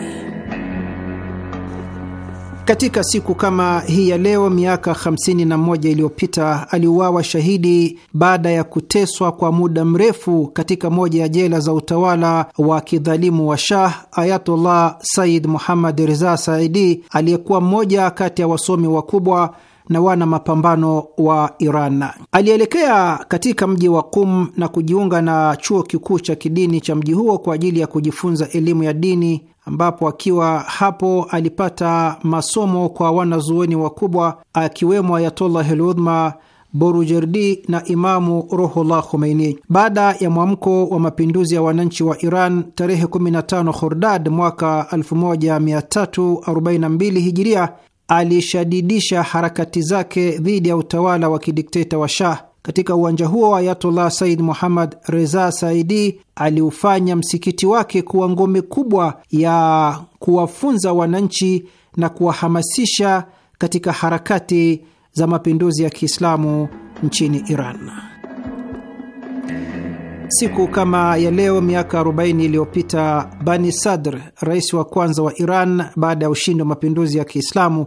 Katika siku kama hii ya leo miaka 51 iliyopita aliuawa shahidi baada ya kuteswa kwa muda mrefu katika moja ya jela za utawala wa kidhalimu wa Shah, Ayatullah Said Muhammad Reza Saidi, aliyekuwa mmoja kati ya wasomi wakubwa na wana mapambano wa Iran. Alielekea katika mji wa Qum na kujiunga na chuo kikuu cha kidini cha mji huo kwa ajili ya kujifunza elimu ya dini ambapo akiwa hapo alipata masomo kwa wanazuoni wakubwa akiwemo Ayatollah Ludhma Borujerdi na Imamu Ruhullah Khomeini. Baada ya mwamko wa mapinduzi ya wananchi wa Iran tarehe 15 Khordad mwaka 1342 Hijiria, alishadidisha harakati zake dhidi ya utawala wa kidikteta wa Shah. Katika uwanja huo Ayatollah Said Muhammad Reza Saidi aliufanya msikiti wake kuwa ngome kubwa ya kuwafunza wananchi na kuwahamasisha katika harakati za mapinduzi ya Kiislamu nchini Iran. Siku kama ya leo miaka 40 iliyopita, Bani Sadr, rais wa kwanza wa Iran baada ya ushindi wa mapinduzi ya Kiislamu,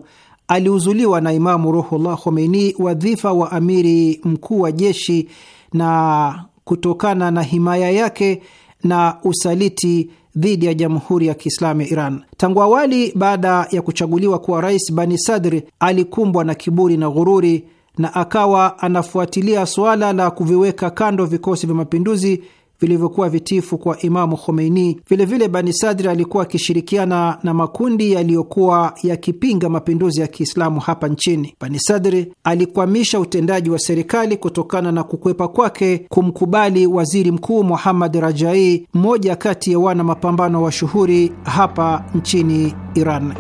aliuzuliwa na Imamu Ruhullah Khomeini wadhifa wa amiri mkuu wa jeshi na kutokana na himaya yake na usaliti dhidi ya Jamhuri ya Kiislamu ya Iran. Tangu awali, baada ya kuchaguliwa kuwa rais, Bani Sadri alikumbwa na kiburi na ghururi na akawa anafuatilia suala la kuviweka kando vikosi vya mapinduzi vilivyokuwa vitifu kwa Imamu Khomeini. Vilevile, Bani Sadri alikuwa akishirikiana na makundi yaliyokuwa yakipinga mapinduzi ya Kiislamu hapa nchini. Bani Sadri alikwamisha utendaji wa serikali kutokana na kukwepa kwake kumkubali waziri mkuu Muhammad Rajai, mmoja kati ya wana mapambano wa shuhuri hapa nchini Iran.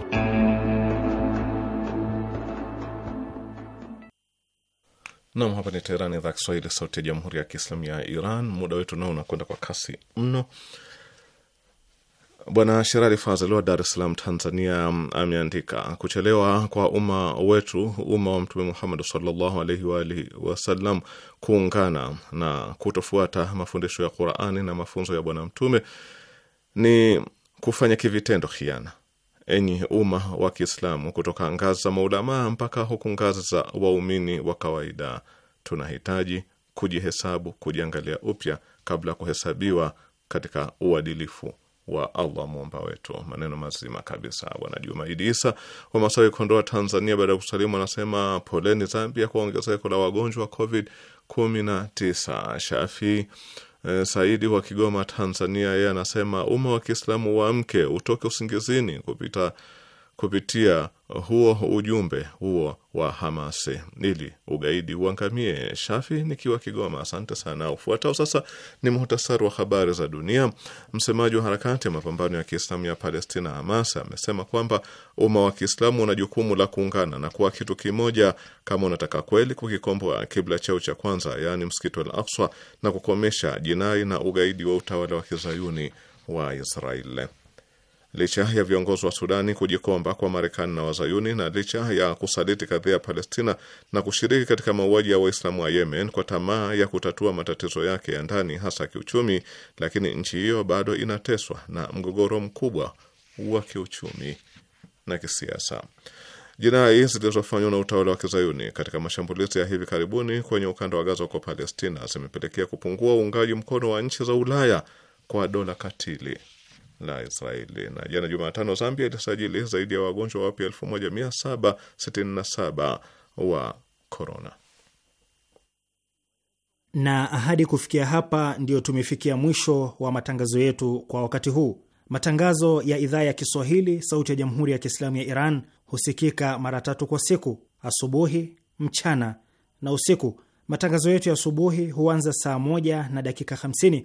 Nam, hapa ni Teherani, idhaa Kiswahili, sauti ya jamhuri ya kiislamu ya Iran. Muda wetu nao unakwenda kwa kasi mno. Bwana Sherali Fazil wa Dar es Salaam, Tanzania, ameandika kuchelewa kwa umma wetu, umma wa Mtume Muhammad sallallahu alaihi wa alihi wasallam, kuungana na kutofuata mafundisho ya Qurani na mafunzo ya Bwana Mtume ni kufanya kivitendo khiana enyi umma wa Kiislamu, kutoka ngazi za maulamaa mpaka huku ngazi za waumini wa kawaida, tunahitaji kujihesabu, kujiangalia upya kabla ya kuhesabiwa katika uadilifu wa Allah muumba wetu. Maneno mazima kabisa. Bwana Juma Idi Isa wa Masawi, Kondoa, Tanzania, baada ya kusalimu anasema poleni Zambia kwa ongezeko la wagonjwa wa COVID 19. Shafi e, Saidi wa Kigoma, Tanzania, yeye anasema umma wa Kiislamu mke utoke usingizini kupita kupitia huo ujumbe huo wa Hamasi ili ugaidi uangamie. Shafi nikiwa Kigoma, asante sana. Ufuatao sasa ni muhtasari wa habari za dunia. Msemaji wa harakati ya mapambano ya Kiislamu ya Palestina, Hamas, amesema kwamba umma wa Kiislamu una jukumu la kuungana na kuwa kitu kimoja kama unataka kweli kukikomboa kibla chao cha kwanza, yaani msikiti Al Akswa, na kukomesha jinai na ugaidi wa utawala wa kizayuni wa Israeli. Licha ya viongozi wa Sudani kujikomba kwa Marekani na Wazayuni na licha ya kusaliti kadhia ya Palestina na kushiriki katika mauaji ya Waislamu wa Yemen kwa tamaa ya kutatua matatizo yake ya ndani, hasa kiuchumi, lakini nchi hiyo bado inateswa na mgogoro mkubwa wa kiuchumi na kisiasa. Jinai zilizofanywa na utawala wa kizayuni katika mashambulizi ya hivi karibuni kwenye ukanda wa Gaza huko Palestina zimepelekea kupungua uungaji mkono wa nchi za Ulaya kwa dola katili la Israeli. Na jana Jumatano, Zambia ilisajili zaidi ya wagonjwa wapya 1767 wa korona. Na ahadi kufikia hapa, ndiyo tumefikia mwisho wa matangazo yetu kwa wakati huu. Matangazo ya idhaa ya Kiswahili sauti ya Jamhuri ya Kiislamu ya Iran husikika mara tatu kwa siku: asubuhi, mchana na usiku. Matangazo yetu ya asubuhi huanza saa moja na dakika 50